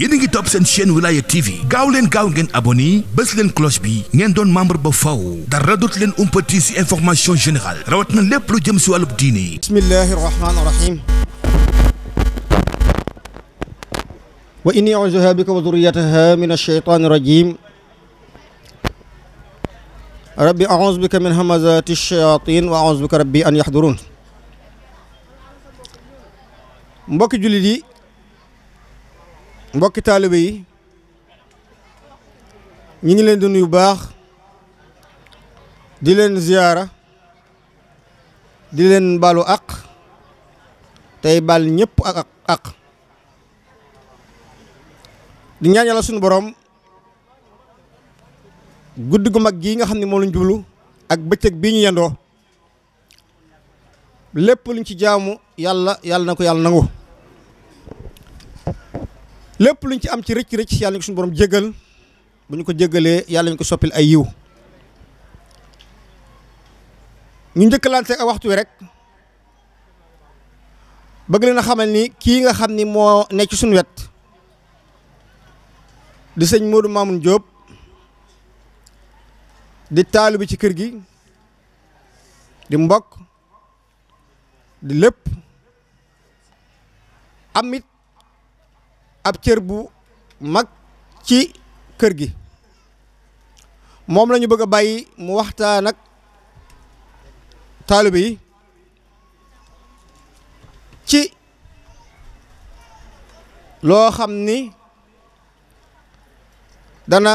yéen a ngi topp seen chaîne Wilaya TV gaaw leen gaaw ngeen abonné bés leen cloche bi ngeen doon membre ba faw dara dootu leen umpati ci information générale rawat na lépp lu jëm ci wàllu diine bismillahi rahmaani rahim wa inni a'uuzu bika wa zurriyataha min ash-shaytaani rajim rabbi a'uuzu bika min hamazaati shayaatiin wa a'uuzu bika rabbi an yaxduruun mbokki jullit yi mbokki taalibe yi ñu ngi leen di nuyu baax di leen ziyaara di leen baalu àq tey baal ñëpp ak ak di ñaan yàlla suñu borom guddi gu mag gi nga xam ne moom lañ jublu ak bëccëg bii ñu yendoo lépp luñ ci jaamu yàlla yàlla na ko yàlla nangu lépp luñ ci am ci rëcc rëcc yàlla ñu ko suñu borom jéggal bu ñu ko jéggalee yàlla ñu ko soppil ay yiw ñu njëkkalante ak waxtu wi rek bëgg leen a xamal ni kii nga xam ni moo nekk ci suñu wet di sëñ Modou Mamoun Diop di taalibe ci kër gi di mbokk di lépp amit ab cër bu mag ci kër gi moom lañu bëgg a bàyyi mu waxtaan ak taalibe yi ci loo xam ni dana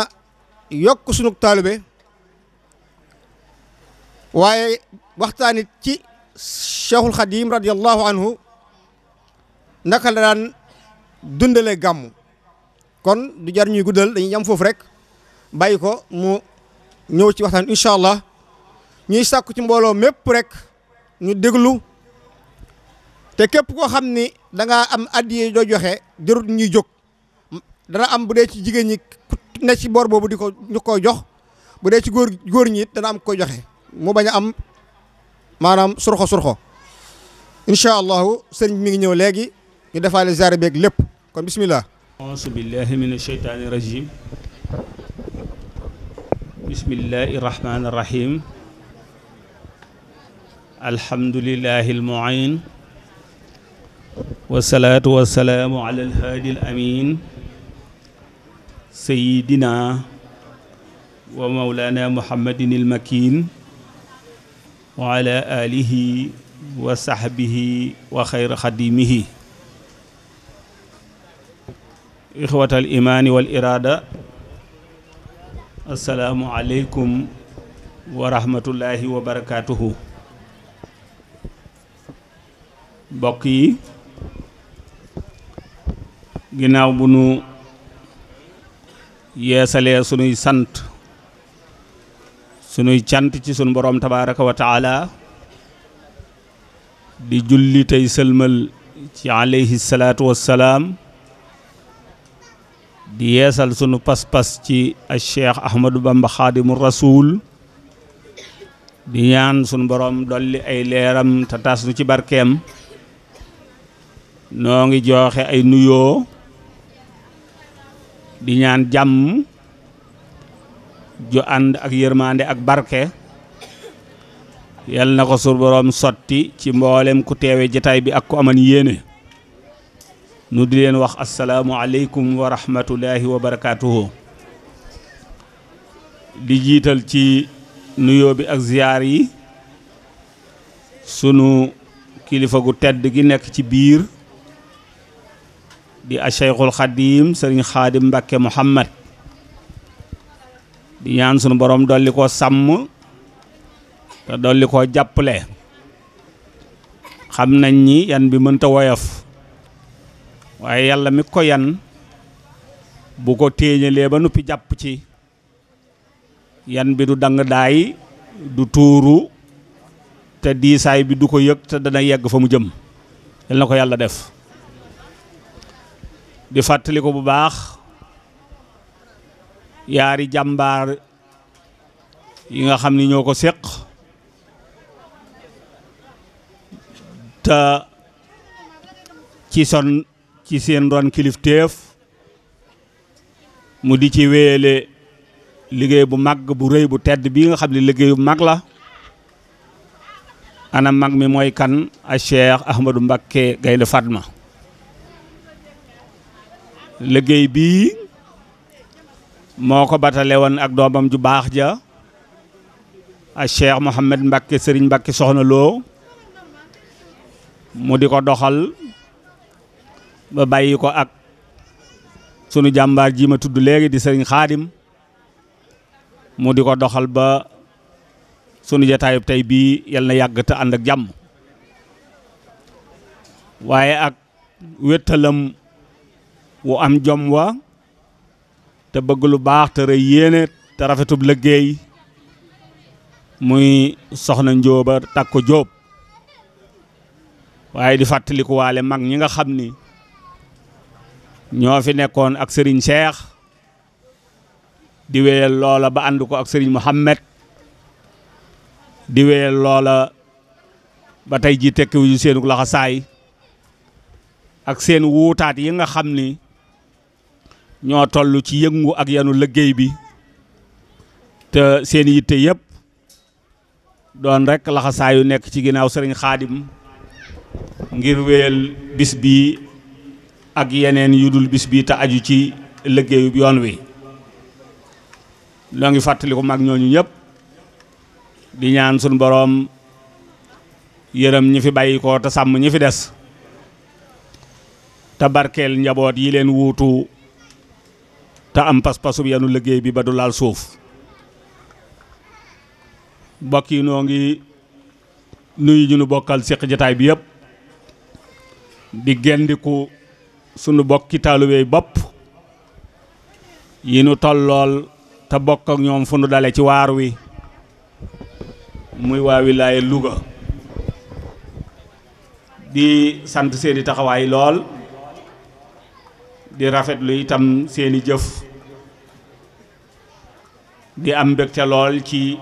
yokk sunug taalibe waaye waxtaan it ci cheikhul xadim radiallahu anhu naka la daan dundale gàmm kon du jar ñuy guddal dañuy yam foofu rek bàyyi ko mu ñëw ci waxtaan incha allah ñuy sàkku ci mbooloo mépp rek ñu déglu te képp koo xam ni da am am addiye doo joxe jarut ñuy jóg dana am bu dee ci jigéen ñi ne ci boor boobu di ko ñu koy jox bu dee ci góor góor ñi dana am ko joxe mu bañ a am maanaam surxo surxo incha allahu sëriñ bi mi ngi ñëw léegi ñu defaale ziare beeg lépp kon bisimilah. auzu billahi min asheytaani rajim bismillahi rahmaani rahim alhamdulilahi almuin wasalaatu wasalaamu ala alhaadi alamin sayidina wa maulana muhammadin almakin wa ala alihi wa sahbihi wa xayra xadimihi ixwata al imaani wal iraada assalaamu aleykum wa rahmatullahi wa barakaatuhu mbokk yi ginnaaw bu nu yeesalee sunuy sant sunuy cant ci sunu boroom tabaaraka wa taala di julli tey sëlmal ci aleyhi salaatu wassalaam di yeesal sunu pas-pas ci a cheikh ahmadou bamba xaadimu rasuul di ñaan sunu boroom dolli ay leeram te tas ci barkeem noo ngi jooxe ay nuyoo di ñaan jàmm ju ànd ak yërmande ak barke yal na ko suur sotti ci mboolem ku teewe jataay bi ak ku aman yéene nu di leen wax asalaamu aleykum wa wa barakaatuhu di jiital ci nuyoo bi ak ziyaar yi sunu kilifa gu tedd gi nekk ci biir di a Cheikhul Sëriñ Xaadim Mbàkke Muhammad di ñaan sunu boroom dolli koo sàmm te dolli koo jàppale xam nañ ni yan bi mënta woyof waaye yàlla mi ko yan bu ko téeñalee ba noppi jàpp ci yan bi du dang daay du tuuru te diisaay bi du ko yëg te dana yegg fa mu jëm yal na ko yàlla def di fàttali ko bu baax yaari jàmbaar yi nga xam ni ñoo ko séq te ci son ci seen ron kilifteef mu di ci wéyale liggéey bu mag bu rëy bu tedd bi nga xam ne liggéey bu mag la ana mag mi mooy kan a Cheikh Ahmadou Mbacké Gaïndé Fatma liggéey bii moo ko batale woon ak doomam ju baax ja a Cheikh Mouhamed Mbacke sëriñ mbakki soxna loo mu di ko doxal ba bàyyi ko ak sunu jàmbaar jii ma tudd léegi di sëriñ xaadim mu di ko doxal ba sunu jataayub tey bii yal na yàgg te ànd ak jàmm waaye ak wéttalam wu am jom wa te bëgg lu baax te rëy yéene te rafetub liggéey muy soxna njóoba takko jóob waaye di fàttaliku waale mag ñi nga xam ni ñoo fi nekkoon ak sëriñ Cheikh di wéyal loola ba ànd ko ak sëriñ Mouhamed di wéyal loola ba tey ji tekkiwu yu seenu laxasaay ak seen wuutaat yi nga xam ni ñoo tollu ci yëngu ak yenu liggéey bi te seen yitte yëpp doon rek laxasaayu nekk ci ginnaaw sëriñ xaadim ngir wéyal bis bi ak yeneen yu dul bis bi te aju ci liggéeyu yoon wi loo ngi fàttaliku mag ñooñu ñëpp di ñaan suñu boroom yërëm ñi fi bàyyi ko te sàmm ñi fi des te barkeel njaboot yi leen wuutu te am pas-pasu yanu liggéey bi ba du laal suuf bokk yi noo ngi nuyu ñu nu bokkal seq jataay bi yëpp di gendiku sunu bokki taaluweey bopp yi nu tollool te bokk ak ñoom fu nu dale ci waar wi muy waa wilaaye Louga di sant seeni taxawaay lool di rafetlu itam seeni jëf di am ca lool ci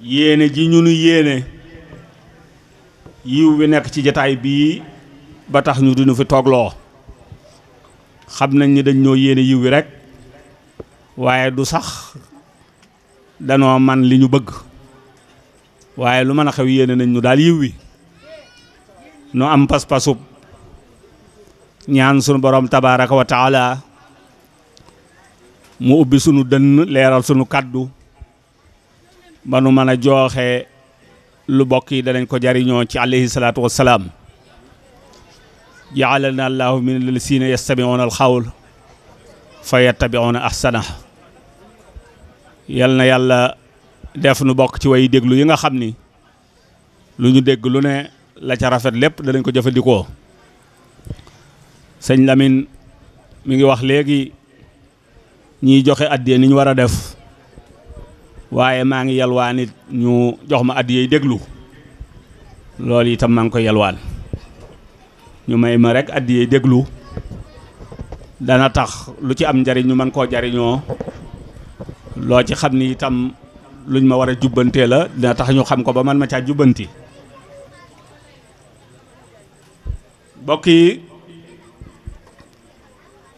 yéene ji ñu nu yéene yiw bi nekk ci jataay bii ba tax ñu duñu fi toogloo xam nañ ni dañ ñoo yéene yiw bi rekk waaye du sax danoo man li ñu bëgg waaye lu mën a xew yéene nañ ñu daal yiw wi nu am pas-pasub ñaan sunu borom tabaaraka wa mu ubbi sunu dënn leeral sunu kàddu ba nu mën a jooxe lu bokk yi danañ ko jariñoo ci alayhi salaatu wassalaam jaalana allahu min allasina yastamiuuna alxawl fa yattabiuuna ahsana yal na yàlla def nu bokk ci way déglu yi nga xam ni lu ñu dégg lu ne la ca rafet lépp danañ ko jëfandikoo sëñ Lamine mi ngi wax léegi ñiy joxe addiya ni ñu war a def waaye maa ngi yalwaan nit ñu jox ma addiya yi déglu lool itam maa ngi koy yalwaan ñu may ma rekk addiya yi déglu dana tax lu ci am njariñ ñu mën koo jariñoo loo ci xam ni itam luñ ma war a jubbantee la dina tax ñu xam ko ba man ma caa jubbanti mbokk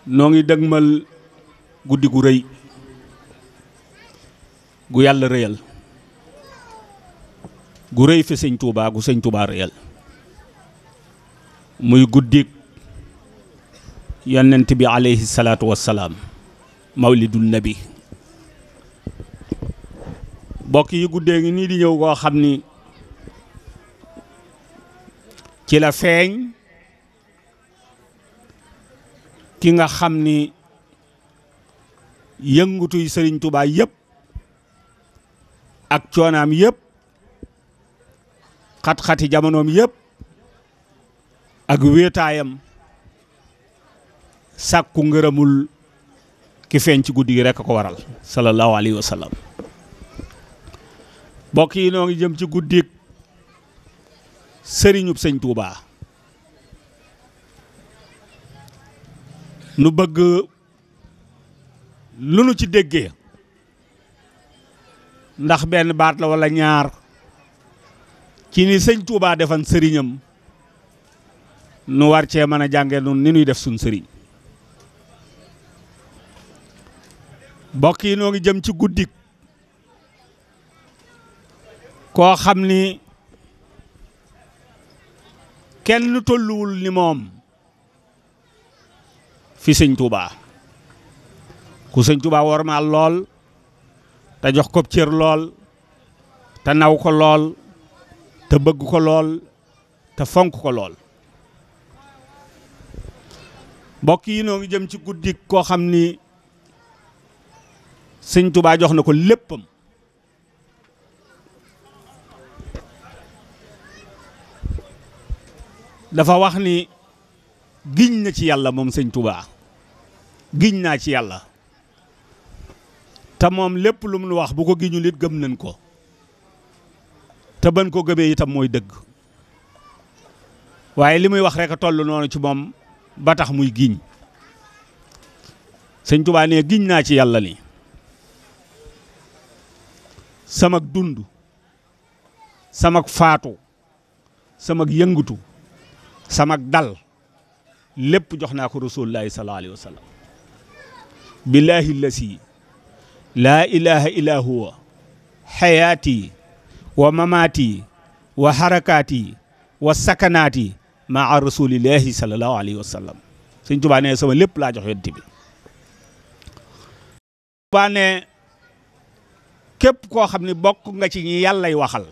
noo ngi dëgmal guddi gu rëy gu yàlla rëyal gu rëy fi sëñ Touba gu sëñ Touba rëyal muy guddik yonent bi aleyhi salaatu wassalaam mawlidul nabi bokk yi guddee ngi nii di ñëw koo xam ni ci la feeñ ki nga xam ni yëngutuy sëriñ Touba yëpp ak coonaam yëpp xat-xati jamonoom yëpp ak wéetaayam sàkku ngërëmul ki feeñ ci guddi gi rekk ko waral sallallahu alayhi wa sallam mbokk yi noo ngi jëm ci guddik sëriñub sëñ Touba nu bëgg lu nu ci déggee ndax benn baat la walla ñaar ci ni sëñ Touba defan sëriñam nu war cee mën a jànge nun ni nuy def suñ sëriñ bokk yi noo ngi jëm ci guddik koo xam ni kenn tolluwul ni moom fi sëñ Touba ku sëñ Tuubaa wormaal lool te jox ko cër lool te naw ko lool te bëgg ko lool te fonk ko lool mbokk yi noo jëm ci guddi koo xam ni sëñ Tuubaa jox na ko léppam dafa wax ni giñ na ci yàlla moom sëñ Tuubaa giñ naa ci yàlla te moom lépp lu mu wax bu ko giñul it gëm nañ ko te ban ko gëmee itam mooy dëgg waaye li muy wax rek a toll noonu ci moom ba tax muy giñ sëñ Tuubaa giñ naa ci yàlla ni samak dund samak faatu samak yëngutu samak dal lépp jox naa ko rasulullaahi sallallaahu alayhi wa billaahi lasi laa ilaha illa huwa xayaati wa mamaati wa harakaati wa sakanaati maa rasulillahi sallallahu alayhi wa sallam sëñ sama lépp laa jox yonent bi Tuubaa ne képp koo xam ne bokk nga ci ñi yàllay waxal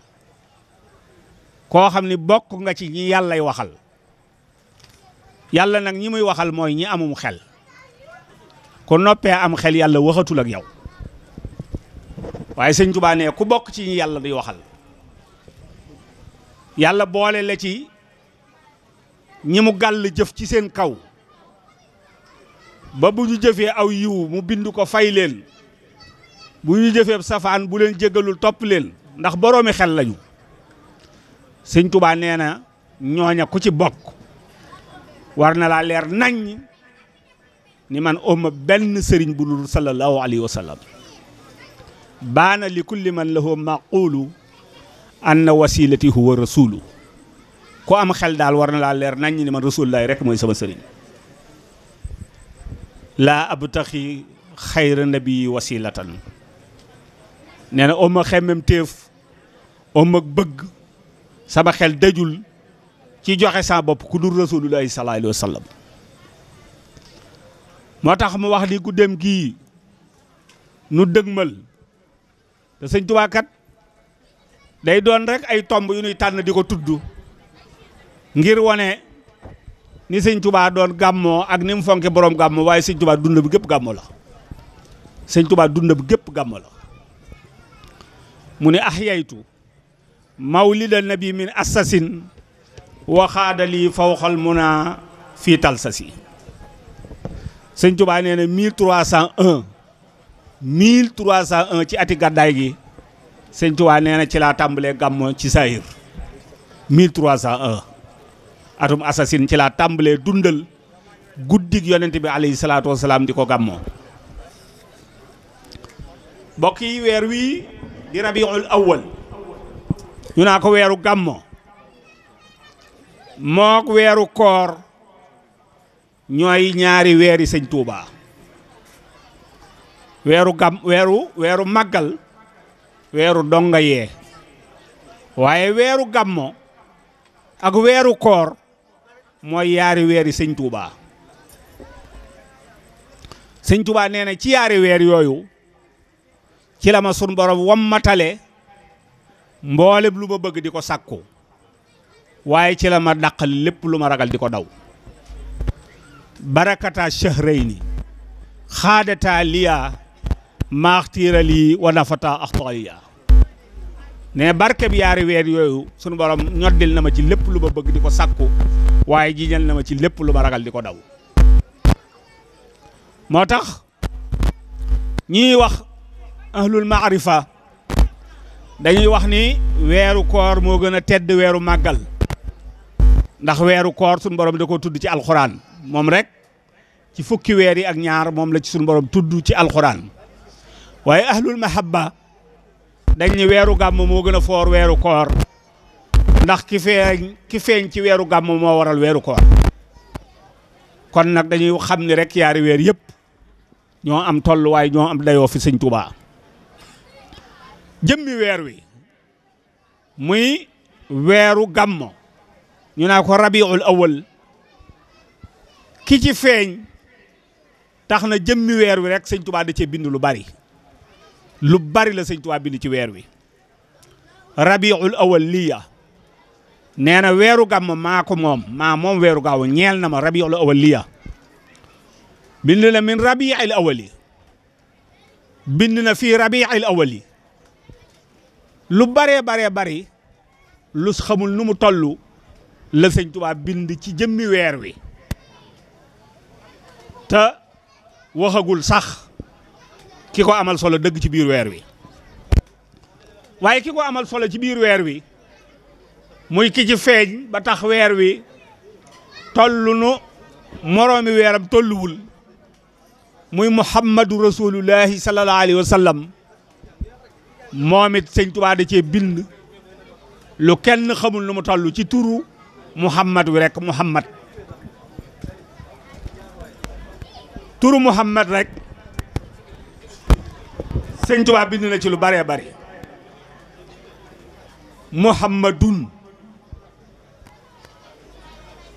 koo xam ne bokk nga ci ñi yàllay waxal yàlla nag ñi muy waxal mooy ñi amum xel ku noppee am xel yàlla waxatul ak yow waaye sëñ Tuubaa nee ku bokk ci ñi yàlla di waxal yàlla boole la ci ñi mu gàll jëf ci seen kaw ba bu ñu jëfee aw yiwu mu bind ko fay leen bu ñu jëfee safaan bu leen jégalul topp leen ndax boroomi xel lañu sëñ Tuubaa nee na ñooña ku ci bokk war na laa leer nañ ni man oma benn sëriñ bu dul sallallahu alayhi wa baana li kulli man lahu maqulu anna wasilati huwa rasulu ku am xel daal war na laa leer naññ ni man rasulullahi rek mooy sama sëriñ laa abtaxi xayra nabi wasilatan nee na oma xemmem téef oma bëgg sama xel dajul ci joxe sa bopp ku dul rasulullahi sallallahu alayhi wa moo tax mu wax ni guddeem gii nu dëgmal te sëñ Tuubaa kat day doon rek ay tomb yu ñuy tànn di ko tudd ngir wane ni sëñ Tuubaa doon gàmmoo ak ni mu fonke boroom gàmmoo waaye sëñ Tuubaa dund bu gépp gàmmoo la sëñ Tuubaa dund bi gépp gàmmoo la mu ne ahyaytu mawlida nabi min assasin waxaadali fawxal muna fii talsasi sëñ Tuubaa nee na 1301 1301 ci ati gàddaay gi sëñ Tuubaa nee na ci laa tàmbalee gàmmo ci saayir atum assasine ci laa tàmbalee dundal guddig yonent bi alayhi salaatu wasalaam di ko gàmmoo mbokk yi weer wii di rabiul awwal ñu naa ko weeru gàmmo mook weeru koor ñooy ñaari weeri sëñ Tuubaa weeru gam weeru weeru màggal weeru donga yee waaye weeru gàmmo ak weeru koor mooy yaari weeri sëñ Tuubaa sëñ nee na ci yaari weer yooyu ci la ma sun borom wammatale mboolem lu ma bëgg di ko sàkku waaye ci la ma dàqal lépp lu ma ragal di ko daw barakata shahrayni xaadata liya maaxtiira lii wana fata axtariya ne barke bi yaari weer yooyu sunu borom ñoddil na ma ci lépp lu ma bëgg di ko sàkku waaye jiñal na ma ci lépp lu ma ragal di ko daw moo tax ñuy wax ahlul maarifa dañuy wax ni weeru koor moo gën a tedd weeru màggal ndax weeru koor sunu borom da ko tudd ci alxuraan moom rek ci fukki weer yi ak ñaar moom la ci sunu borom tudd ci alxuraan waaye ahlul mahabba dañ ni weeru gàmm moo gën a foor weeru koor ndax ki feeñ ki feeñ ci weeru gàmm moo waral weeru koor kon nag dañuy xam ni rek yaari weer yépp ñoo am tolluwaay ñoo am dayoo fi sëñ Tuubaa jëmmi weer wi muy weeru gàmmo ñu naa ko rabiul awal ki ci feeñ tax na jëmmi weer wi rek sëñ Tuubaa da cee bind lu bari lu bari la sëñ Tuubaa bind ci weer wi rabiul awal liya nee na weeru gàmm maa moom maa moom weeru gaaw ñeel na ma rabiul awal liya bind na min rabiil awali bind na fii rabiil awali lu baree baree bari lu xamul nu mu tollu la sëñ Tuubaa bind ci jëmmi weer wi te waxagul sax ki ko amal solo dëgg ci biir weer wi waaye ki ko amal solo ci biir weer wi muy ki ci feeñ ba tax weer wi tollu nu moroomi weeram tolluwul muy muhammadu rasulullahi sallallahu alayhi wa sallam moom it sëñ bind lu kenn xamul nu mu toll ci turu muhammad wi rek muhammad turu muhammad rek sëñ Tuubaa bind na ci lu bare bare muhammadun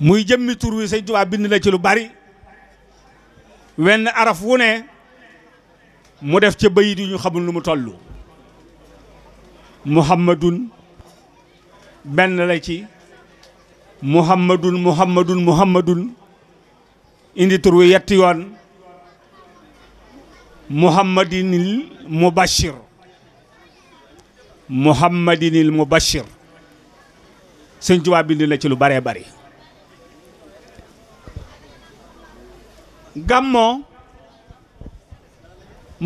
muy jëmmi tur wi sëñ bind na ci lu bari wenn araf wu ne mu def ca bayit yu ñu xamul nu mu toll muhammadun benn la ci muhammadun muhammadun muhammadun indi tur wi yetti yoon muhammadinil mubashir muhammadinil mubashir sëñ Tuubaa bind ci lu baree bari gàmmoo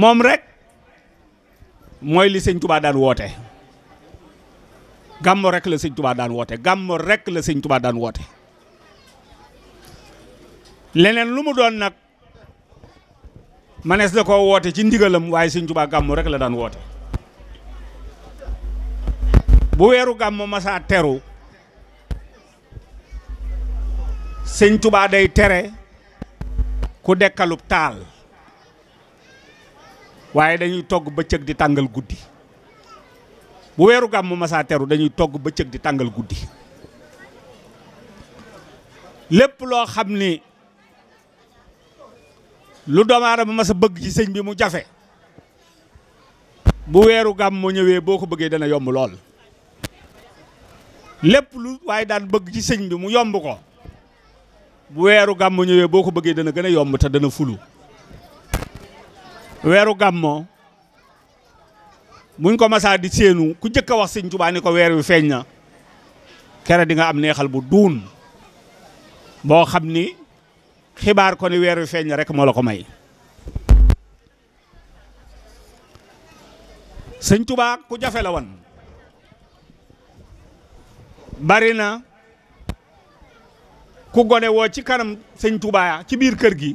moom rek mooy li sëñ Tuubaa daan woote gàmmo rek la sëñ Tuubaa daan woote gàmmo rek la sëñ Tuubaa daan woote leneen lu mu doon nag manees la ko woote ci ndigalam waaye sëñ Tuubaa gàmmu rek la daan woote bu weeru gàmmu masaa teru sëñ Tuubaa day tere ku dekkalub taal waaye dañuy togg bëccëg di tàngal guddi bu weeru gàmmu masaa teru dañuy togg bëccëg di tàngal guddi lépp loo xam ni lu doomu aadama masa bëgg ci sëñ bi mu jafe bu weeru gàmmu ñëwee boo ko bëggee dana yomb lool lépp lu waaye daan bëgg ci sëñ bi mu yomb ko bu weeru gàmmu ñëwee boo ko bëggee dana gën a yomb te dana fulu weeru gàmmoo buñ ko masaa di séenu ku njëkk a wax sëñ Tuubaa ko weer wi feeñ na kere di nga am neexal bu duun boo xam ni xibaar ko ni weer wi feeñ na rek moo ko may sëñ Tuubaa ku jafe la woon bari na ku gone woo ci kanam sëñ tubaa ci biir kër gi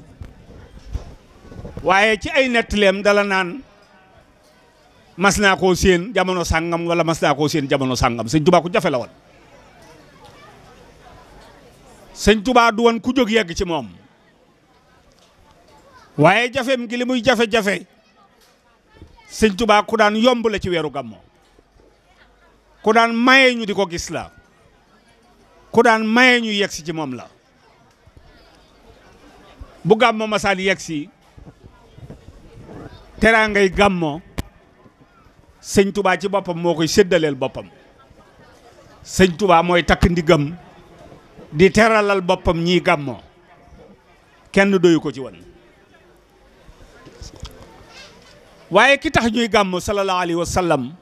waaye ci ay nettaleem dala naan mas naa koo séen jamono sàngam wala mas naa koo séen jamono sàngam sëñ Tuubaa ku jafe la woon sëñ Tuubaa du woon ku jog yegg ci moom waaye jafem gi li muy jafe-jafe sëñ tubaa ku daan yomb la ci weeru gàmmo ku daan maye ñu di ko gis la ku daan maye ñu yegsi ci moom la bu gàmmo masaan yegsi teraangay gàmmo sëñ tubaa ci boppam moo koy séddaleel boppam sëñ tubaa mooy takk ndigam di teralal boppam ñiy gàmmoo kenn doyu ko ci woon waaye ki tax ñuy gàmm sallallahu alayhi wa sallam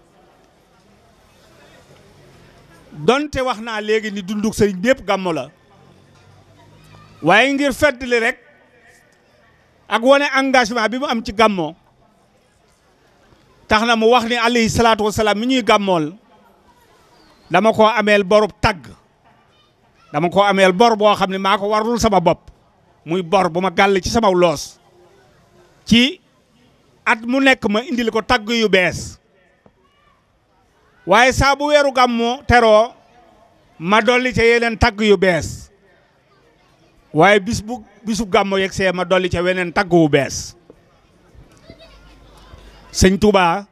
donte wax naa léegi ni dunduk sëriñ bépp gàmm la waaye ngir feddali rek ak wane engagement bi mu am ci gàmmo tax na mu wax ni alayhi salaatu wasalaam mi ñuy gàmmool dama koo ameel borub tagg dama koo ameel bor boo xam ne maa ko warlul sama bopp muy bor bu ma gàll ci sama loos ci at mu nekk ma indil ko tagg yu bees waaye saa bu weeru gàmmu teroo ma dolli ca yeneen tagg yu bees waaye bis bu bisu gàmmu yegsee ma dolli ca weneen tagg wu bees sëñ tubaa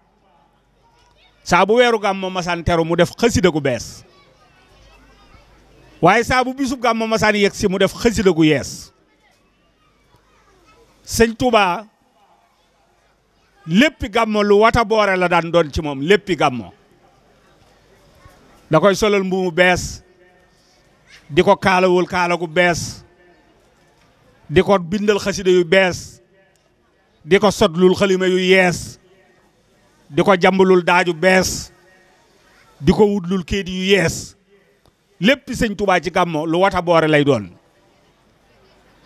saa bu weeru gàmmu masaan teru mu def xasida ku bees waaye saa bu bisu gàmmu masaan yegsi mu def xasida gu yees sëñ Touba léppi gàmmo lu wata boore la daan doon ci moom léppi gàmmo da koy solal mbuumu bees di ko kaalawul kaala gu bees di ko bindal xasida yu bees di ko sotlul xalima yu yees di ko jàmbalul daaju bees di ko wutlul kéedi yu yees lépp sëñ Tuubaa ci gàmmo lu wata boore lay doon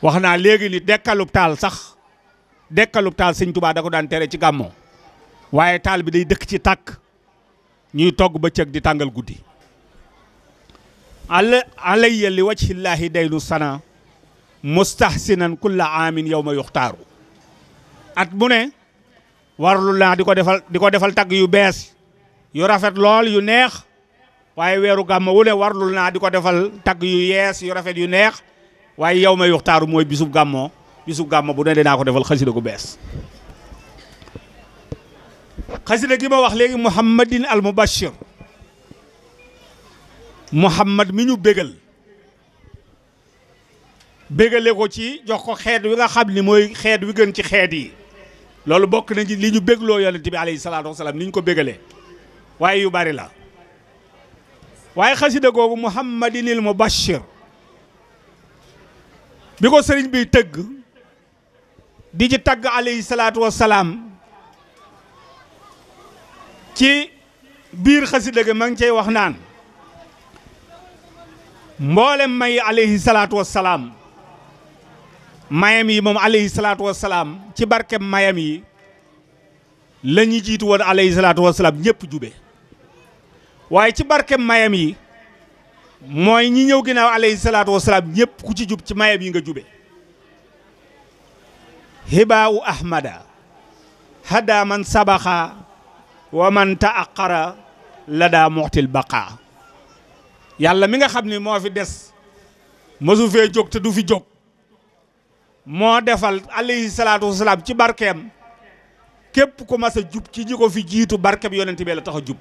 wax naa léegi ni dekkalub taal sax dekkalub taal siñ tubaa da ko daan tere ci gàmmoo waaye taal bi day dëkk ci tàkk ñuy togg ba bëccëg di tàngal guddi ala alayya li wajhillaahi daynu sana mustahsinan kulla aamin yawma yuxtaaru at mu ne warlu naa di ko defal di ko defal tagg yu bees yu rafet lool yu neex waaye weeru gàmm wu ne warlu naa di ko defal tagg yu yees yu rafet yu neex waaye yow ma yuxtaaru mooy bisub gàmmoo bisu gàmm bu ne dinaa ko defal xasida gu bees xasida ki ma wax léegi muhammadin al mubashir muhammad mi ñu bégal bégale ko ci jox ko xeet wi nga xam ni mooy xeet wi gën ci xeet yi loolu bokk na ci li ñu bégloo yonent bi alayhi salaatu wasalaam ni ñu ko bégalee waaye yu bari la waaye xasida googu muhammadinil mubashir bi ko sëriñ bi tëgg di ci tagg alayhi salaatu ci biir xasida ga ma ngi cey wax naan mboolem may alayhi salaatu wasalaam mayam yi moom alayhi salaatu wasalaam ci barkeb mayam yi la ñu jiitu woon alayhi salaatu wasalaam ñëpp jube waaye ci barkeb mayam yi mooy ñi ñëw ginnaaw alayhi salaatu wasalaam ñëpp ku ci jub ci mayam yi nga jube hibaawu ahmada hada man sabaxa wa man taaqara lada moxtil baqa yàlla mi nga xam ni moo fi des mësu fee jóg te du fi jóg moo defal alayhi salaatu wasalaam ci barkeem képp ku mas a jub ci ñi ko fi jiitu barkeem yonent bi la tax a jub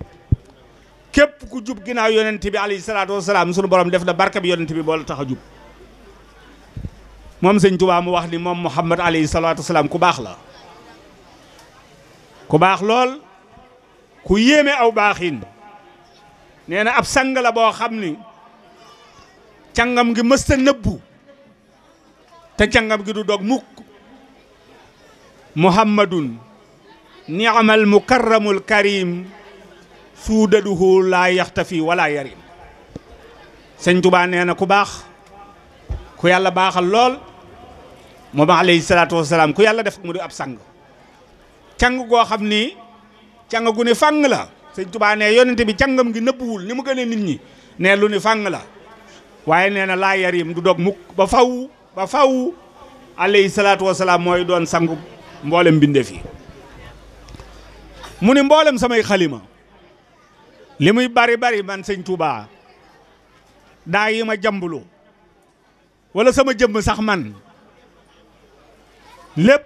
képp ku jub ginnaaw yonent bi alayhi salaatu wasalaam sunu borom def na barkeem bi boo la tax a jub moom sëñ Tuubaa mu wax ni moom Muhammad alayhi salaatu wasalaam ku baax la ku baax lool ku yéeme aw baaxin nee na ab sang la boo xam ni càngam gi mës nëbbu te càngam gi du dog mukk muhammadun ni'mal mukarramul karim suudaduhu laa yaxtafi wala yarim sëñ Tuubaa nee na ku baax ku yàlla baaxal lool moom alayhi salaatu wasalaam ku yàlla def mu di ab sang càng goo xam ni càng gu la sëñ tubaa ne yonente bi càngam gi nëbbuwul ni mu gënee nit ñi ne lu ni fàng la waaye nee na laa yar yi mu du dog mukk ba faw ba faw alayhi salaatu wasalaam mooy doon sangu mboolem mbindeef yi mu ni mboolem samay xalima li muy bari bari man sëñ tubaa daa yi ma jambulu wala sama jëmm sax man lépp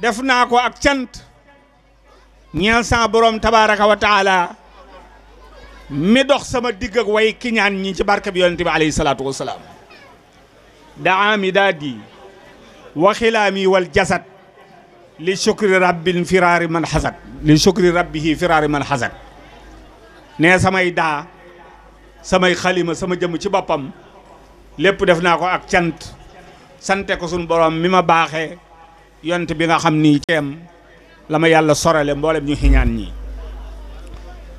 def naa ko ak cant ñeel sa borom tabaaraka wa taala mi dox sama digg ak way kiñaan ñi ci barke bi yonente bi alayhi salaatu wasalaam daami daadi wa xilaami wal jasad li shukri rabbil firaari man xasad li shukri rabbihi firaari man xasad ne samay daa samay xalima sama jëmm ci boppam lépp def naa ko ak cant sante ko suñ borom mi ma baaxee yont bi nga xam ni ceem la ma yàlla sorale mboolem ñu xiñaan ñi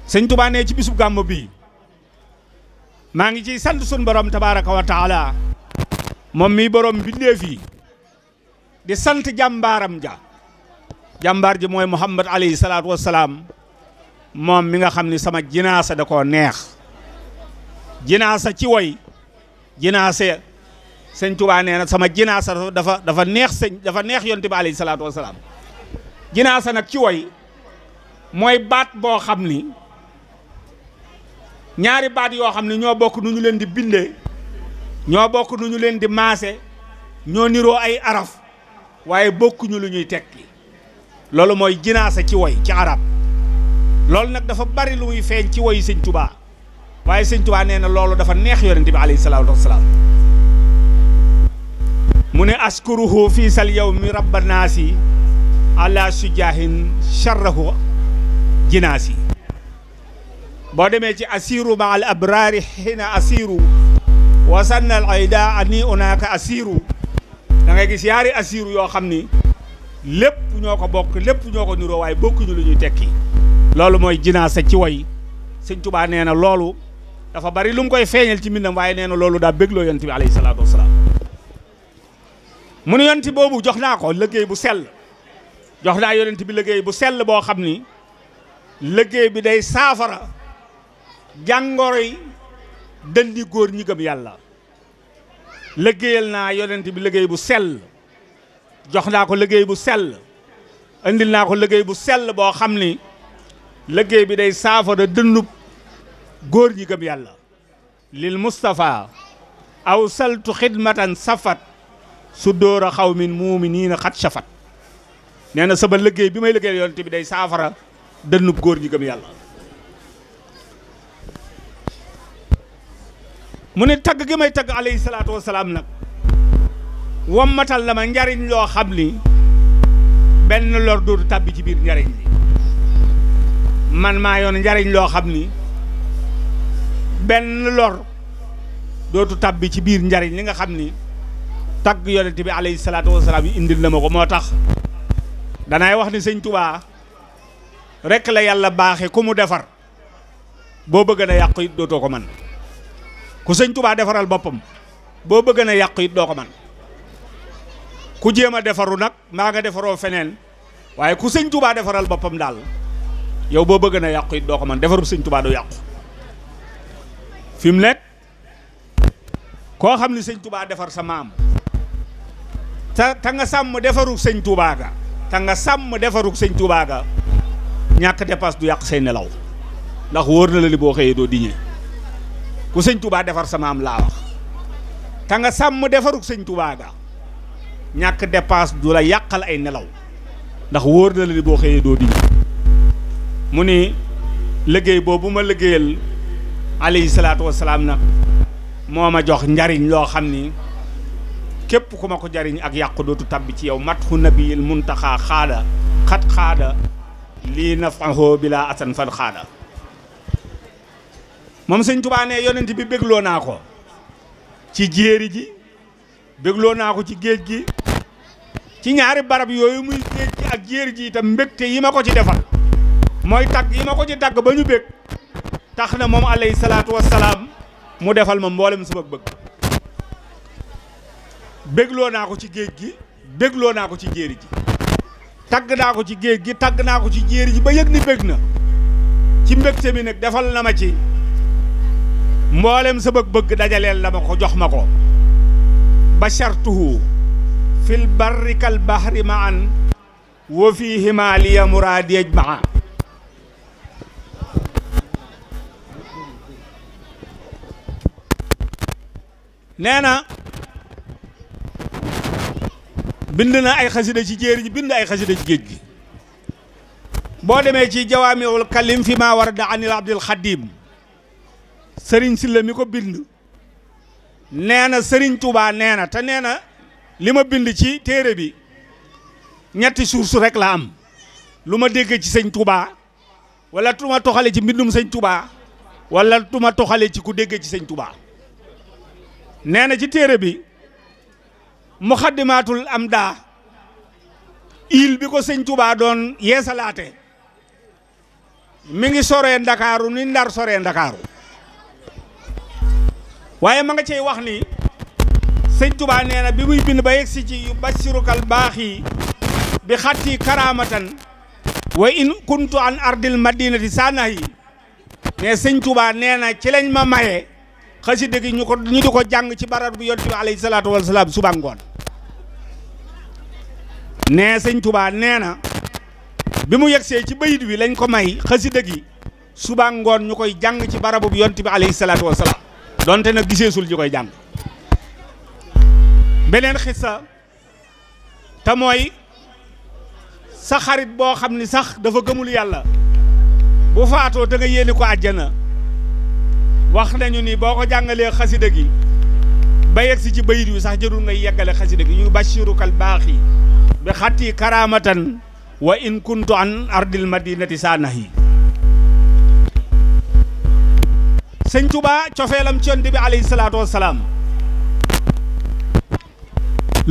sëñ Tuubaa ci bisub gàmmu bi maa ngi ciy sant sun borom tabaaraka wa moom mi borom bindéef yi di sant jàmbaaram ja jàmbaar ji mooy Muhammad alayhi salaatu wassalaam moom mi nga xam ni sama jinaasa da koo neex jinaasa ci woy jinaase sëñ Tuubaa nee na sama jinaasa dafa dafa neex sëñ dafa neex yonent bi alayhi salaatu wasalaam jinaasa nag ci woy mooy baat boo xam ni ñaari baat yoo xam ni ñoo bokk nu ñu leen di bindee ñoo bokk nu ñu leen di maase ñoo niroo ay araf waaye bokkuñu lu ñuy tekki loolu mooy jinaasa ci woy ci arab loolu nag dafa bari lu muy feeñ ci woyu sëñ tubaa waaye sëñ Tuubaa nee na loolu dafa neex yonent bi alayhi salaatu wasalaam mu ne askuruhu fii sal yow mi rabbanaasi ala sujaahin charrahu jinaasi boo demee ci asiru ma al abraari xina asiru wasanna al ayda ani unaaka asiru da ngay gis yaari asiru yoo xam ni lépp ñoo ko bokk lépp ñoo ko niroo waaye bokkuñu lu ñuy tekki loolu mooy jinaasa ci woy sëñ tubaa nee na loolu dafa bari lu mu koy feeñal ci mbindam waaye nee na loolu daa bégloo yonent bi alayhi salaatu wasalaam mu ne yonent boobu jox naa ko liggéey bu sell jox naa yonent bi liggéey bu sell boo xam ni liggéey bi day saafara jàngoro yi dëndi góor ñi gëm yàlla liggéeyal naa yonent bi liggéey bu sel jox naa ko liggéey bu sel indil naa ko liggéey bu sel boo xam ni liggéey bi day saafara dëndub góor ñi gëm yàlla lil Mustafa aw saltu xidmatan safat su dóor a xaw min muumi nii na xat safat nee na sama liggéey bi may liggéey yonent bi day saafara dënnub góor ñi gëm yàlla mu ne tagg gi may tagg alayhi salaatu wasalaam nag wammatal la ma njariñ loo xam ni benn lor dootu tàbbi ci biir njariñ li man maa yoon njariñ loo xam ni benn lor dootu tàbbi ci biir njariñ li nga xam ni tagg yonent bi alayhi salaatu wasalaam yi indil na ma ko moo tax danaay wax ni sëñ tubaa rek la yàlla baaxe ku mu defar boo bëgg na yàqu it dootoo ko man ku sëñ tubaa defaral boppam boo bëgg na yàqu it doo ko man ku jéem a defaru nag maa nga defaroo feneen waaye ku sëñ tubaa defaral boppam daal yow boo bëgg na yàqu it doo ko man defarub sëñ tubaa du yàqu fi mu nekk koo xam ne sëñ tubaa defar sa maam te te nga sàmm defarug sëñ Tuubaa ga sàmm defarug sëñ Tuubaa ga ñàkk dépasse du yàq say nelaw ndax wóor na la boo xëyee doo diñee ku sëñ Tuubaa defar sa maam laa wax te nga sàmm defarug sëñ Tuubaa ga ñàkk dépasse du la yàqal ay nelaw ndax wóor na la boo xëyee doo diñee mu ni liggéey boobu ma liggéeyal alayhi salaatu moo ma jox njariñ loo xam ni képp ku ma ko jariñ ak yàqu dootu tabbi ci yow matxu nabiyil muntaxaa xaada xat xaada lii nafaxoo bi laa asan fan xaada moom sëñ Tuubaa ne yonent bi bégloo naa ko ci jéeri ji bégloo naa ko ci géej gi ci ñaari barab yooyu muy géej gi ak jéeri ji itam mbégte yi ma ko ci defal mooy tagg yi ma ko ci tagg ba ñu bég tax na moom alayhi salaatu wassalaam mu defal ma mboolem sama bëgg bégloo naa ko ci géej gi bégloo naa ko ci jéeri ji tagg naa ko ci géej gi tagg naa ko ci jéeri ji ba yég ni bég na ci mbégte mi nag defal na ma ci mboolem sa bëgg-bëgg dajaleel na ma ko jox ma ko bashartuhu fil barri kal bahri ma an wa fii himaaliya muraadi yajmaa nee na bind na ay xasida ci jéeri ji bind ay xasida ci géej gi boo demee ci jawaamiul kalim fi maa war da anil abdil xadim sëriñ Silla mi ko bind nee na sëriñ Tuubaa nee na te nee na li ma bind ci téere bi ñetti su rek la am lu ma dégge ci sëñ Tuubaa wala tu ma toxale ci mbindum sëñ Tuubaa wala tu ma toxale ci ku déggee ci sëñ Tuubaa nee na ci téere bi muxaddimaatul am daa il bi ko sëñ Touba doon yeesalaate mi ngi sore ndakaaru ni ndar soree ndakaaru waaye ma nga cey wax ni sëñ Touba nee na bi muy bind ba yegsi ci yu basirukal baax yi bi xatti karaamatan wa in kuntu an ardil madinati saana yi ne sëñ Touba nee na ci lañ ma maye xasida gi ñu ko ñu di ko jàng ci barab bu yonent bi alayhi salaatu wasalaam suba ngoon nee sëñ tubaa nee na bi mu yegsee ci bayit wi lañ ko may xasida gi subaa ngoon ñu koy jàng ci barabub yonte bi alayhi salaatu wasalaam donte nag giseesul ñu koy jàng beneen xissa te mooy sa xarit boo xam ni sax dafa gëmul yàlla bu faatoo da nga yéene ko àjjana wax nañu ni boo ko jàngalee xasida gi ba yegsi ci bayit wi sax jërul ngay yeggale xasida gi yu bashiru kal baax yi bi xatti karamatan wa in kuntu an ardil madinati saa nax yi sëñ Tuubaa cofeelam ci yonent bi alayhi salaatu wassalaam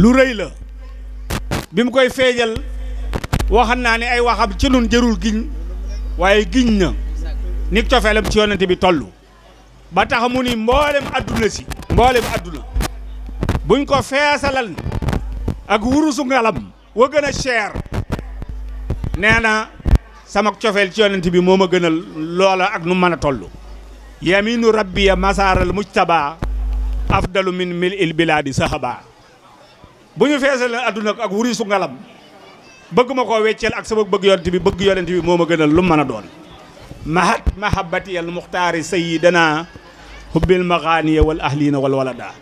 lu réy la bi mu koy feejal waxan naa ni ay waxam ci nun jërul giñ waaye giñ na ni cofeelam ci yonent bi toll ba tax mu ni mboolem adduna si mboolem adduna buñ ko feesalal ak wurusu ngalam wa gën a cher nee na sama cofeel ci yonent bi moo ma gënal loola ak nu mën a toll yaminu rabbiya masaaral mujtaba afdalu min mil il bilaadi sahaba bu ñu feesal adduna ak wurisu ngalam bëgg ma koo wecceel ak sama bëgg yonent bi bëgg yonent bi moo ma gënal lu mën a doon mahat mahabati al muxtaari sayidana hubbil maxaaniya wal ahliina wal walada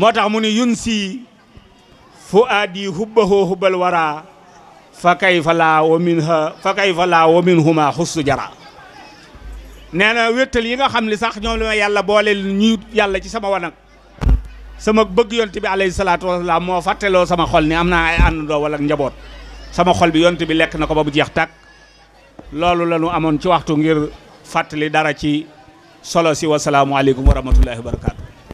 moo tax mu ni yun si fu aadi hubbahoo hubbal wara fa kay fa laa wa min ha fa kay fa laa wa min huma xustu jara nee na wéttal yi nga xam ne sax ñoom li ma yàlla boole ñu yàlla ci sama wanag sama bëgg yonte bi alayhi salaatu wasalaam moo fàtteloo sama xol ni am naa ay àndandoo wala njaboot sama xol bi yonte bi lekk na ko ba bu jeex tàkk loolu la ñu amoon ci waxtu ngir fàttali dara ci solo si wasalaamualeykum wa rahmatullahi wa barakatu